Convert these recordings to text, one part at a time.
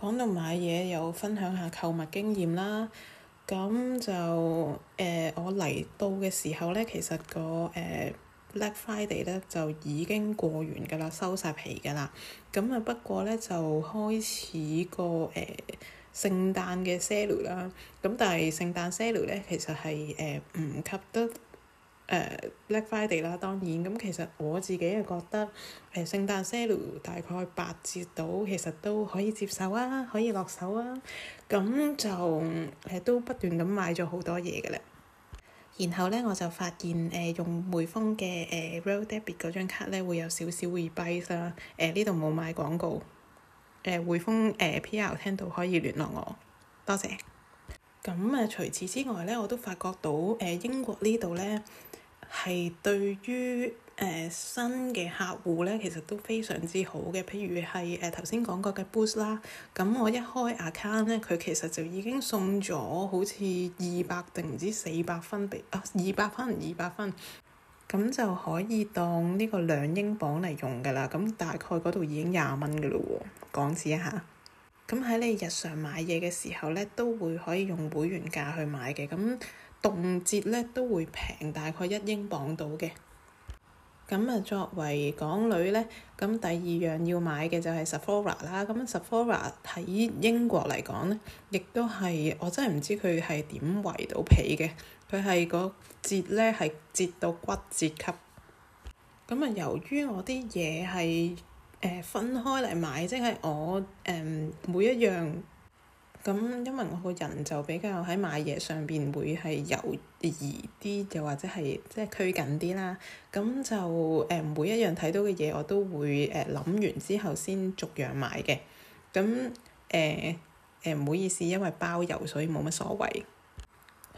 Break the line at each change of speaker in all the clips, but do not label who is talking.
講到買嘢有分享下購物經驗啦，咁就誒、呃、我嚟到嘅時候咧，其實、個誒 Black Friday 咧就已經過完㗎啦，收晒皮㗎啦。咁啊不過咧就開始個誒、呃、聖誕嘅 sale 啦，咁但係聖誕 sale 咧其實係誒唔及得誒 Black Friday 啦，uh, Friday, 當然咁。其實我自己係覺得誒聖誕 sale 大概八折到，其實都可以接受啊，可以落手啊。咁就誒都不斷咁買咗好多嘢嘅咧。然後咧，我就發現誒、呃、用匯豐嘅誒、呃、r o a d debit 嗰張卡咧，會有少少 rebate 啦、啊。誒呢度冇賣廣告。誒、呃、匯豐誒、呃、PR 聽到可以聯絡我，多謝。咁誒除此之外咧，我都發覺到誒、呃、英國呢度咧。係對於誒、呃、新嘅客戶咧，其實都非常之好嘅。譬如係誒頭先講過嘅 Boost 啦，咁我一開 account 咧，佢其實就已經送咗好似二百定唔知四百分俾啊，二百分二百分，咁就可以當呢個兩英鎊嚟用㗎啦。咁大概嗰度已經廿蚊㗎啦喎，港紙啊嚇。咁喺你日常買嘢嘅時候咧，都會可以用會員價去買嘅咁。動輒咧都會平大概一英鎊到嘅，咁啊作為港女咧，咁第二樣要買嘅就係 Sephora 啦，咁 Sephora 喺英國嚟講咧，亦都係我真係唔知佢係點圍到皮嘅，佢係個折咧係折到骨折級。咁啊，由於我啲嘢係誒分開嚟買，即係我誒每一樣。咁因為我個人就比較喺買嘢上邊會係猶疑啲，又或者係即係拘謹啲啦。咁就誒、呃、每一樣睇到嘅嘢我都會誒諗、呃、完之後先逐樣買嘅。咁誒誒唔好意思，因為包郵所以冇乜所謂。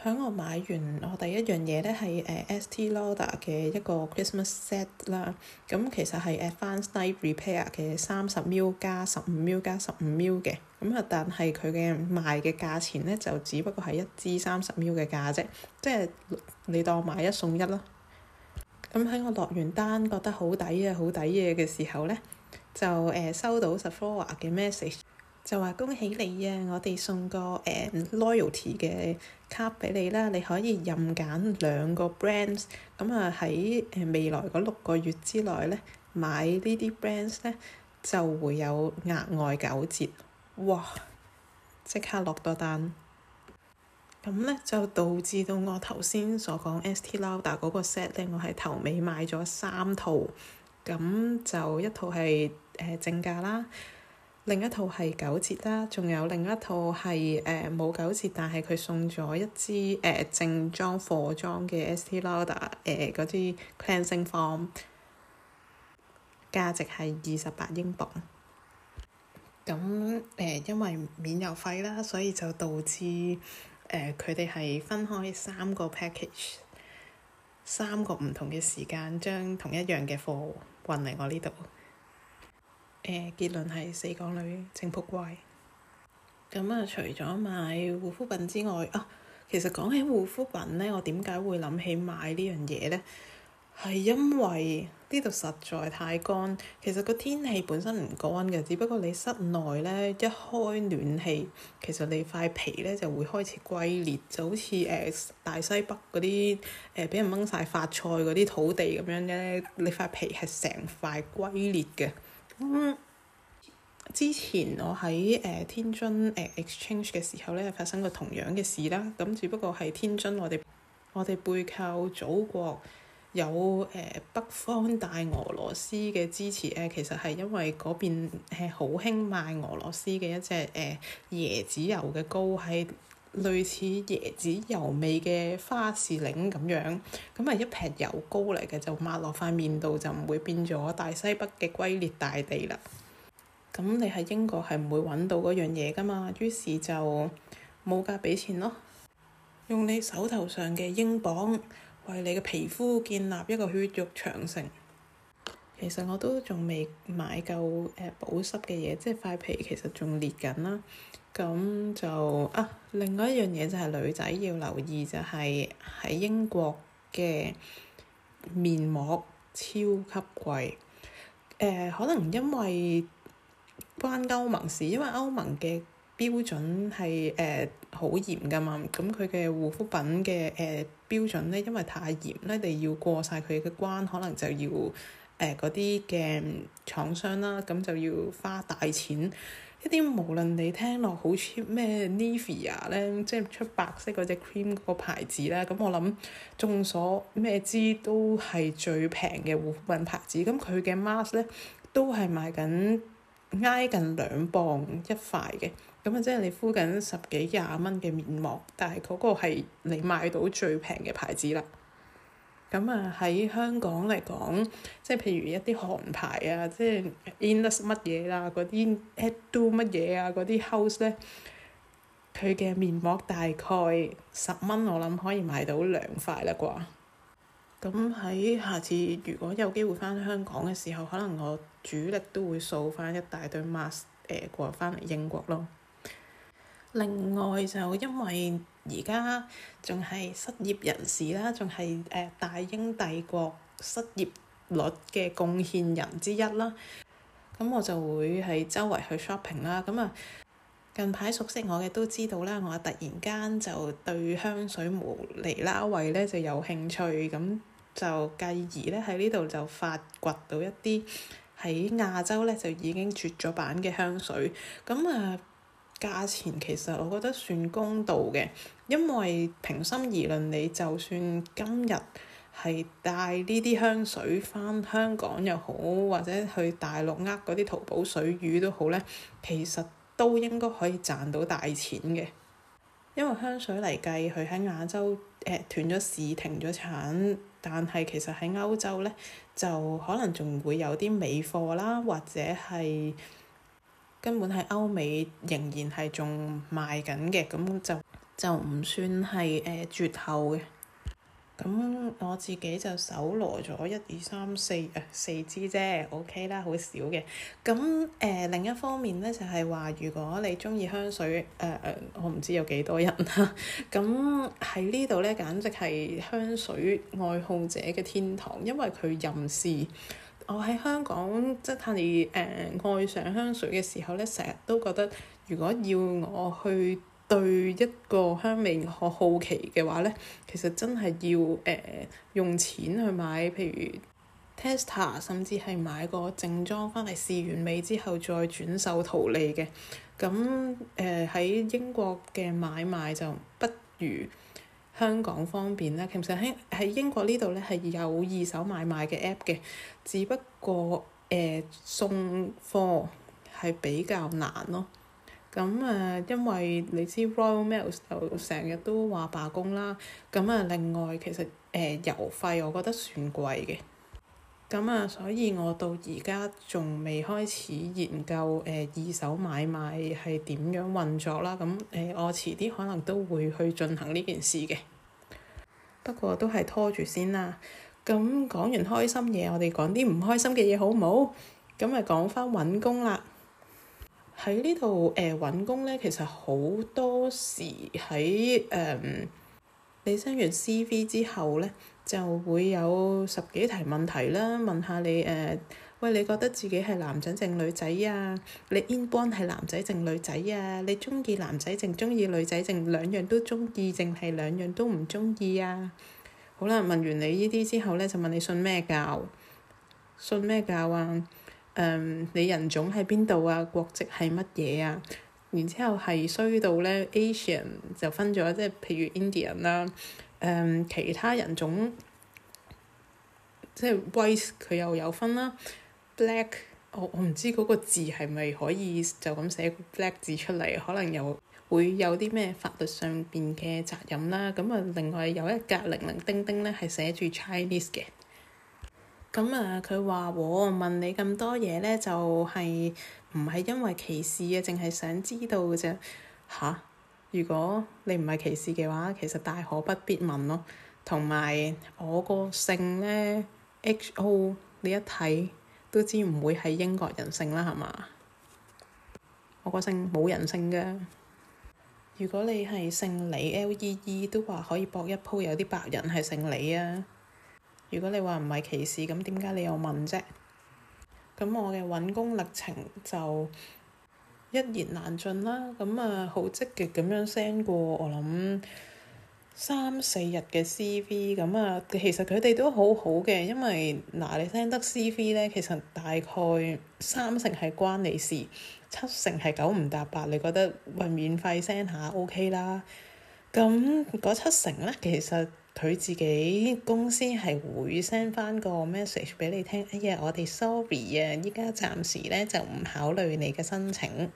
喺我買完我第一樣嘢咧係 Estée Lauder 嘅一個 Christmas set 啦，咁其實係 Advanced Night Repair 嘅三十 ml 加十五 ml 加十五 ml 嘅，咁啊但係佢嘅賣嘅價錢咧就只不過係一支三十 ml 嘅價啫，即係你當買一送一咯。咁喺我落完單覺得好抵啊好抵嘅嘅時候咧，就誒收到 Sephora 嘅 message。就話恭喜你啊！我哋送個、呃、loyalty 嘅卡畀你啦，你可以任揀兩個 brands，咁啊喺未來嗰六個月之內呢，買呢啲 brands 呢，就會有額外九折，哇！即刻落咗單，咁呢，就導致到我頭先所講 Estée Lauder 嗰個 set 呢，我係頭尾買咗三套，咁就一套係、呃、正價啦。另一套係九折啦，仲有另一套係誒冇九折，但係佢送咗一支誒、呃、正裝貨裝嘅 Estee Lauder 誒、呃、嗰支 cleansing foam 價值係二十八英鎊。咁誒、呃，因為免郵費啦，所以就導致誒佢哋係分開三個 package，三個唔同嘅時間將同一樣嘅貨運嚟我呢度。誒結論係死港女正仆街。咁、嗯、啊，除咗買護膚品之外，啊，其實講起護膚品呢，我點解會諗起買呢樣嘢呢？係因為呢度實在太乾。其實個天氣本身唔乾嘅，只不過你室內呢，一開暖氣，其實你塊皮呢就會開始龜裂，就好似誒、呃、大西北嗰啲誒俾人掹晒發菜嗰啲土地咁樣咧，你塊皮係成塊龜裂嘅。嗯、之前我喺誒、呃、天津誒、呃、exchange 嘅時候咧，發生過同樣嘅事啦。咁只不過係天津我哋我哋背靠祖國有，有、呃、誒北方大俄羅斯嘅支持誒、呃。其實係因為嗰邊係好興賣俄羅斯嘅一隻誒、呃、椰子油嘅糕。喺。類似椰子油味嘅花士令咁樣，咁係一撇油膏嚟嘅，就抹落塊面度就唔會變咗大西北嘅龜裂大地啦。咁你喺英國係唔會揾到嗰樣嘢噶嘛？於是就冇價畀錢咯，用你手頭上嘅英鎊為你嘅皮膚建立一個血肉長城。其實我都仲未買夠誒保濕嘅嘢，即係塊皮其實仲裂緊啦。咁就啊，另外一樣嘢就係女仔要留意就係喺英國嘅面膜超級貴。誒、呃，可能因為關歐盟事，因為歐盟嘅標準係誒好嚴㗎嘛。咁佢嘅護膚品嘅誒、呃、標準咧，因為太嚴咧，你要過晒佢嘅關，可能就要～誒嗰啲嘅廠商啦，咁就要花大錢。一啲無論你聽落好似咩 Nivea 咧，即係出白色嗰隻 cream 嗰個牌子啦，咁我諗眾所咩知都係最平嘅護膚品牌子。咁佢嘅 mask 咧都係賣緊挨近兩磅一塊嘅，咁啊即係你敷緊十幾廿蚊嘅面膜，但係嗰個係你買到最平嘅牌子啦。咁啊，喺香港嚟講，即係譬如一啲韓牌啊，即係 Innis 乜嘢啦，嗰啲 Etude 乜嘢啊，嗰啲 House 咧，佢嘅面膜大概十蚊，我諗可以買到兩塊啦啩。咁喺下次如果有機會返香港嘅時候，可能我主力都會掃翻一大堆 mask 誒、呃、過翻嚟英國咯。另外就因為而家仲係失業人士啦，仲係誒大英帝國失業率嘅貢獻人之一啦，咁我就會喺周圍去 shopping 啦，咁啊近排熟悉我嘅都知道啦，我突然間就對香水無尼啦位咧就有興趣，咁就繼而咧喺呢度就發掘到一啲喺亞洲咧就已經絕咗版嘅香水，咁啊～價錢其實我覺得算公道嘅，因為平心而論，你就算今日係帶呢啲香水返香港又好，或者去大陸呃嗰啲淘寶水魚都好咧，其實都應該可以賺到大錢嘅。因為香水嚟計，佢喺亞洲誒、呃、斷咗市停咗產，但係其實喺歐洲咧就可能仲會有啲尾貨啦，或者係，根本係歐美仍然係仲賣緊嘅，咁就就唔算係誒、呃、絕後嘅。咁我自己就搜羅咗一、二、三、四誒四支啫，OK 啦，好少嘅。咁誒、呃、另一方面咧，就係、是、話如果你中意香水誒誒、呃，我唔知有幾多人啦、啊。咁 喺呢度咧，簡直係香水愛好者嘅天堂，因為佢任試。我喺香港即係誒愛上香水嘅時候咧，成日都覺得如果要我去對一個香味好好奇嘅話咧，其實真係要誒、呃、用錢去買，譬如 tester，甚至係買個正裝翻嚟試完味之後再轉手圖利嘅。咁誒喺英國嘅買賣就不如。香港方面啦，其實喺喺英國呢度咧係有二手買賣嘅 app 嘅，只不過誒、呃、送貨係比較難咯。咁啊、呃，因為你知 Royal Mail 就成日都話罷工啦。咁啊，另外其實誒郵費我覺得算貴嘅。咁啊、嗯，所以我到而家仲未開始研究誒、呃、二手買賣係點樣運作啦。咁、嗯、誒、呃，我遲啲可能都會去進行呢件事嘅，不過都係拖住先啦。咁、嗯、講完開心嘢，我哋講啲唔開心嘅嘢好唔好？咁、嗯、咪講翻揾工啦。喺呢度誒揾工呢，其實好多時喺誒、呃，你 send 完 CV 之後呢，就會有十幾題問題啦，問下你誒，uh, 喂你覺得自己係男仔定女仔啊？你 inborn 係男仔定女仔啊？你中意男仔定中意女仔定兩樣都中意定係兩樣都唔中意啊？好啦，問完你呢啲之後咧，就問你信咩教？信咩教啊？誒，um，你人種喺邊度啊？國籍係乜嘢啊？然之後係衰到咧，Asian 就分咗，即係譬如 Indian 啦。Um, 其他人種，即係 race 佢又有分啦。Black，我我唔知嗰個字係咪可以就咁寫個 black 字出嚟，可能又會有啲咩法律上邊嘅責任啦。咁、嗯、啊，另外有一格零零丁丁咧係寫住 Chinese 嘅。咁啊、嗯，佢話我問你咁多嘢咧，就係唔係因為歧視啊？淨係想知道嘅啫，嚇？如果你唔係歧視嘅話，其實大可不必問咯啊。同埋我個姓咧，H O，你一睇都知唔會係英國人姓啦，係嘛？我個姓冇人姓嘅。如果你係姓李，L E E，都話可以博一鋪有啲白人係姓李啊。如果你話唔係歧視，咁點解你又問啫？咁我嘅搵工歷程就～一言難盡啦，咁啊好積極咁樣 send 過我諗三四日嘅 CV，咁啊其實佢哋都好好嘅，因為嗱你 send 得 CV 咧，其實大概三成係關你事，七成係九唔搭八，你覺得喂，免費 send 下 OK 啦。咁嗰七成咧，其實佢自己公司係會 send 翻個 message 俾你聽，哎呀我哋 sorry 啊，而家暫時咧就唔考慮你嘅申請。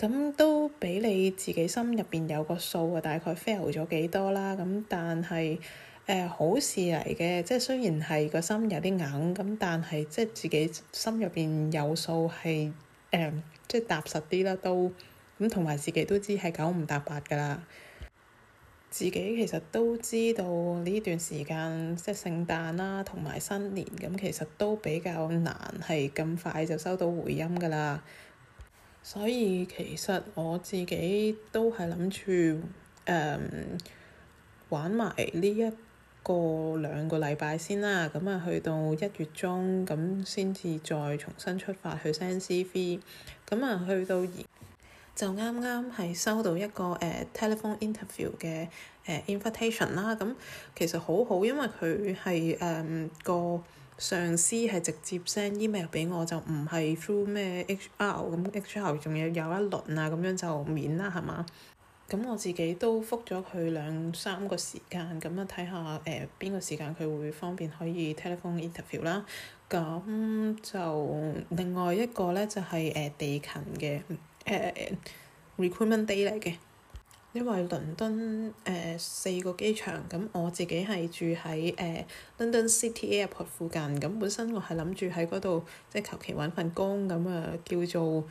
咁都畀你自己心入邊有個數啊，大概 fail 咗幾多啦？咁但係誒、呃、好事嚟嘅，即係雖然係個心有啲硬，咁但係即係自己心入邊有數係誒，即係踏實啲啦，都咁同埋自己都知係九唔搭八㗎喇。自己其實都知道呢段時間即係聖誕啦、啊，同埋新年咁，其實都比較難係咁快就收到回音㗎喇。所以其實我自己都係諗住誒玩埋呢一個兩個禮拜先啦，咁、嗯、啊去到一月中咁先至再重新出發去 send CV，咁、嗯、啊、嗯、去到而就啱啱係收到一個誒、uh, telephone interview 嘅誒、uh, invitation 啦，咁、嗯、其實好好，因為佢係誒個。上司係直接 send email 畀我，就唔係 through 咩 HR 咁，HR 仲要有，有一輪啊，咁樣就免啦，係嘛？咁我自己都覆咗佢兩三個時間，咁啊睇下誒邊個時間佢會方便可以 telephone interview 啦。咁就另外一個咧就係、是、誒、呃、地勤嘅誒、呃、recruitment day 嚟嘅。因為倫敦誒四，呃，個機場，咁我自己係住喺誒、呃、London City Airport 附近。咁本身我係諗住喺嗰度，即係求其揾份工咁啊，呃，叫做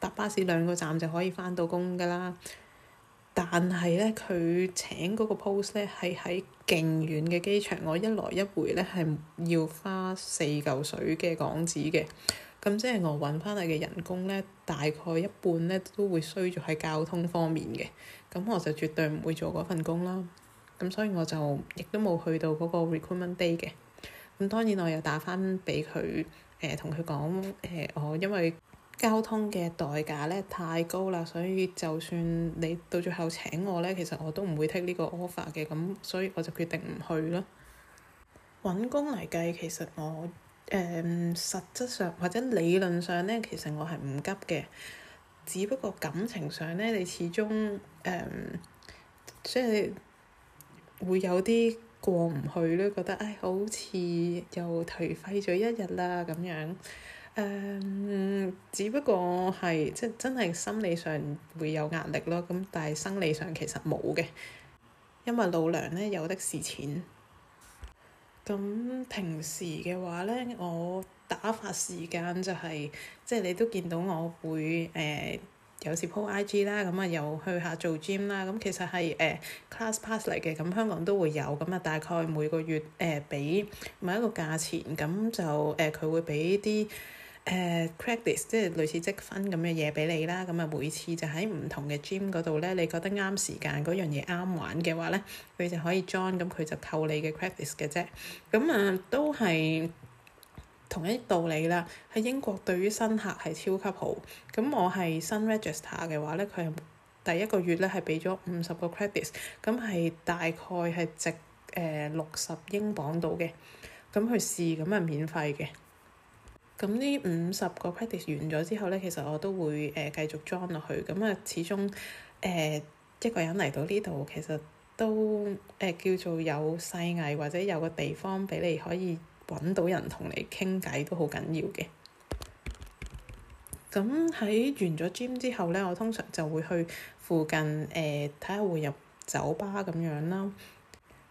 搭巴士兩個站就可以翻到工㗎啦。但係咧，佢請嗰個 post 咧係喺勁遠嘅機場，我一來一回咧係要花四嚿水嘅港紙嘅。咁即係我揾翻嚟嘅人工咧，大概一半咧都會衰咗喺交通方面嘅。咁我就絕對唔會做嗰份工啦，咁所以我就亦都冇去到嗰個 recruitment day 嘅。咁當然我有打返俾佢，誒同佢講，誒、呃、我因為交通嘅代價咧太高啦，所以就算你到最後請我咧，其實我都唔會 take 呢個 offer 嘅。咁所以我就決定唔去咯。揾工嚟計，其實我誒、呃、實質上或者理論上咧，其實我係唔急嘅。只不過感情上呢，你始終誒、嗯，即係會有啲過唔去咯，覺得誒、哎、好似又頹廢咗一日啦咁樣。誒、嗯，只不過係即係真係心理上會有壓力咯，咁但係生理上其實冇嘅，因為老娘呢，有的是錢。咁平時嘅話咧，我。打發時間就係、是，即係你都見到我會誒、呃、有時 po IG 啦，咁啊又去下做 gym 啦，咁其實係誒、呃、class pass 嚟嘅，咁、嗯、香港都會有，咁、嗯、啊大概每個月誒俾、呃、某一個價錢，咁、嗯、就誒佢、呃、會俾啲誒 credits 即係類似積分咁嘅嘢俾你啦，咁、嗯、啊、嗯、每次就喺唔同嘅 gym 嗰度咧，你覺得啱時間嗰樣嘢啱玩嘅話咧，佢就可以 join，咁佢就扣你嘅 credits 嘅啫，咁、嗯、啊都係。同一道理啦，喺英國對於新客係超級好。咁我係新 register 嘅話咧，佢係第一個月咧係畀咗五十個 credits，咁係大概係值誒六十英鎊到嘅。咁去試咁係免費嘅。咁呢五十個 credit 完咗之後咧，其實我都會誒、呃、繼續 join 落去。咁啊，始終誒、呃、一個人嚟到呢度，其實都誒、呃、叫做有細藝或者有個地方俾你可以。揾到人同你傾偈都好緊要嘅。咁喺完咗 gym 之後呢，我通常就會去附近誒睇下會入酒吧咁樣啦，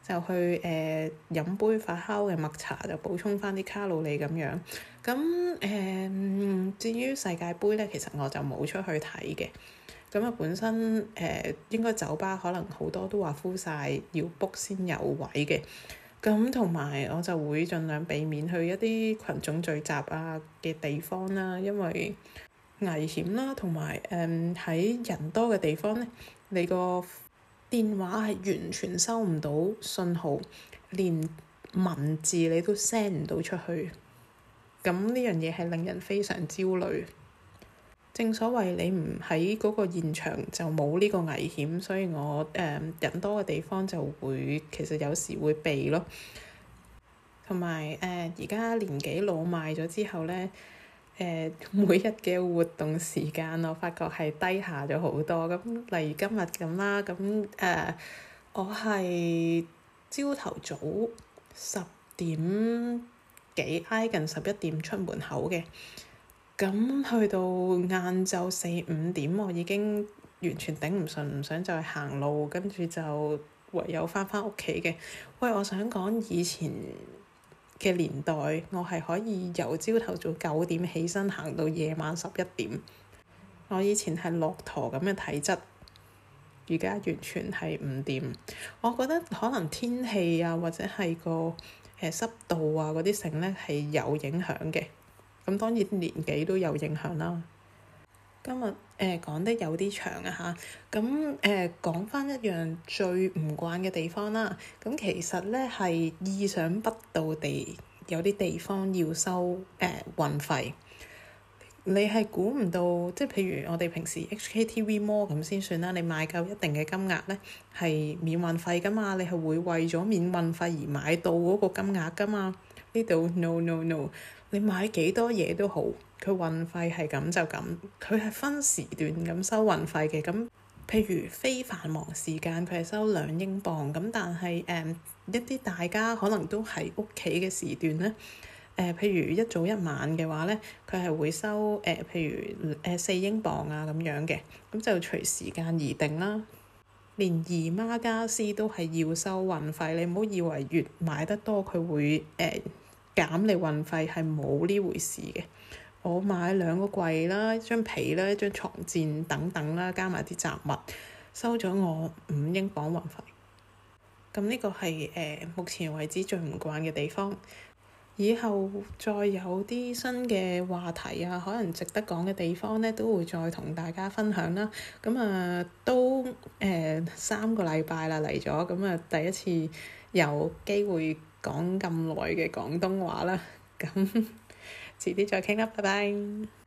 就去誒飲、呃、杯發酵嘅麥茶，就補充返啲卡路里咁樣。咁誒、呃、至於世界盃呢，其實我就冇出去睇嘅。咁啊，本身誒、呃、應該酒吧可能好多都話 full 晒，要 book 先有位嘅。咁同埋我就會盡量避免去一啲群眾聚集啊嘅地方啦，因為危險啦，同埋誒喺人多嘅地方咧，你個電話係完全收唔到信號，連文字你都 send 唔到出去，咁呢樣嘢係令人非常焦慮。正所謂你唔喺嗰個現場就冇呢個危險，所以我誒人、呃、多嘅地方就會其實有時會避咯。同埋誒而家年紀老邁咗之後咧，誒、呃、每日嘅活動時間我發覺係低下咗好多。咁例如今日咁啦，咁誒、呃、我係朝頭早十點幾挨近十一點出門口嘅。咁去到晏晝四五點，我已經完全頂唔順，唔想再行路，跟住就唯有翻返屋企嘅。喂，我想講以前嘅年代，我係可以由朝頭早九點起身行到夜晚十一點。我以前係駱駝咁嘅體質，而家完全係唔掂。我覺得可能天氣啊，或者係個誒濕度啊嗰啲成咧係有影響嘅。咁當然年紀都有影響啦。今日誒講得有啲長啊嚇，咁誒講翻一樣最唔慣嘅地方啦。咁其實咧係意想不到地有啲地方要收誒運費。你係估唔到，即係譬如我哋平時 HKTV Mall 咁先算啦，你買夠一定嘅金額咧係免運費㗎嘛，你係會為咗免運費而買到嗰個金額㗎嘛。呢度 no no no，你買幾多嘢都好，佢運費係咁就咁。佢係分時段咁收運費嘅。咁譬如非繁忙時間，佢係收兩英鎊咁，但係誒、呃、一啲大家可能都喺屋企嘅時段咧，誒、呃、譬如一早一晚嘅話咧，佢係會收誒、呃，譬如誒四英鎊啊咁樣嘅，咁就隨時間而定啦。連姨媽家私都係要收運費，你唔好以為越買得多佢會誒、呃、減你運費，係冇呢回事嘅。我買兩個櫃啦、一張被啦、一張床墊等等啦，加埋啲雜物，收咗我五英鎊運費。咁呢個係誒、呃、目前為止最唔慣嘅地方。以後再有啲新嘅話題啊，可能值得講嘅地方呢，都會再同大家分享啦。咁、嗯、啊，都誒、呃、三個禮拜啦嚟咗，咁啊、嗯、第一次有機會講咁耐嘅廣東話啦。咁遲啲再傾啦，拜拜。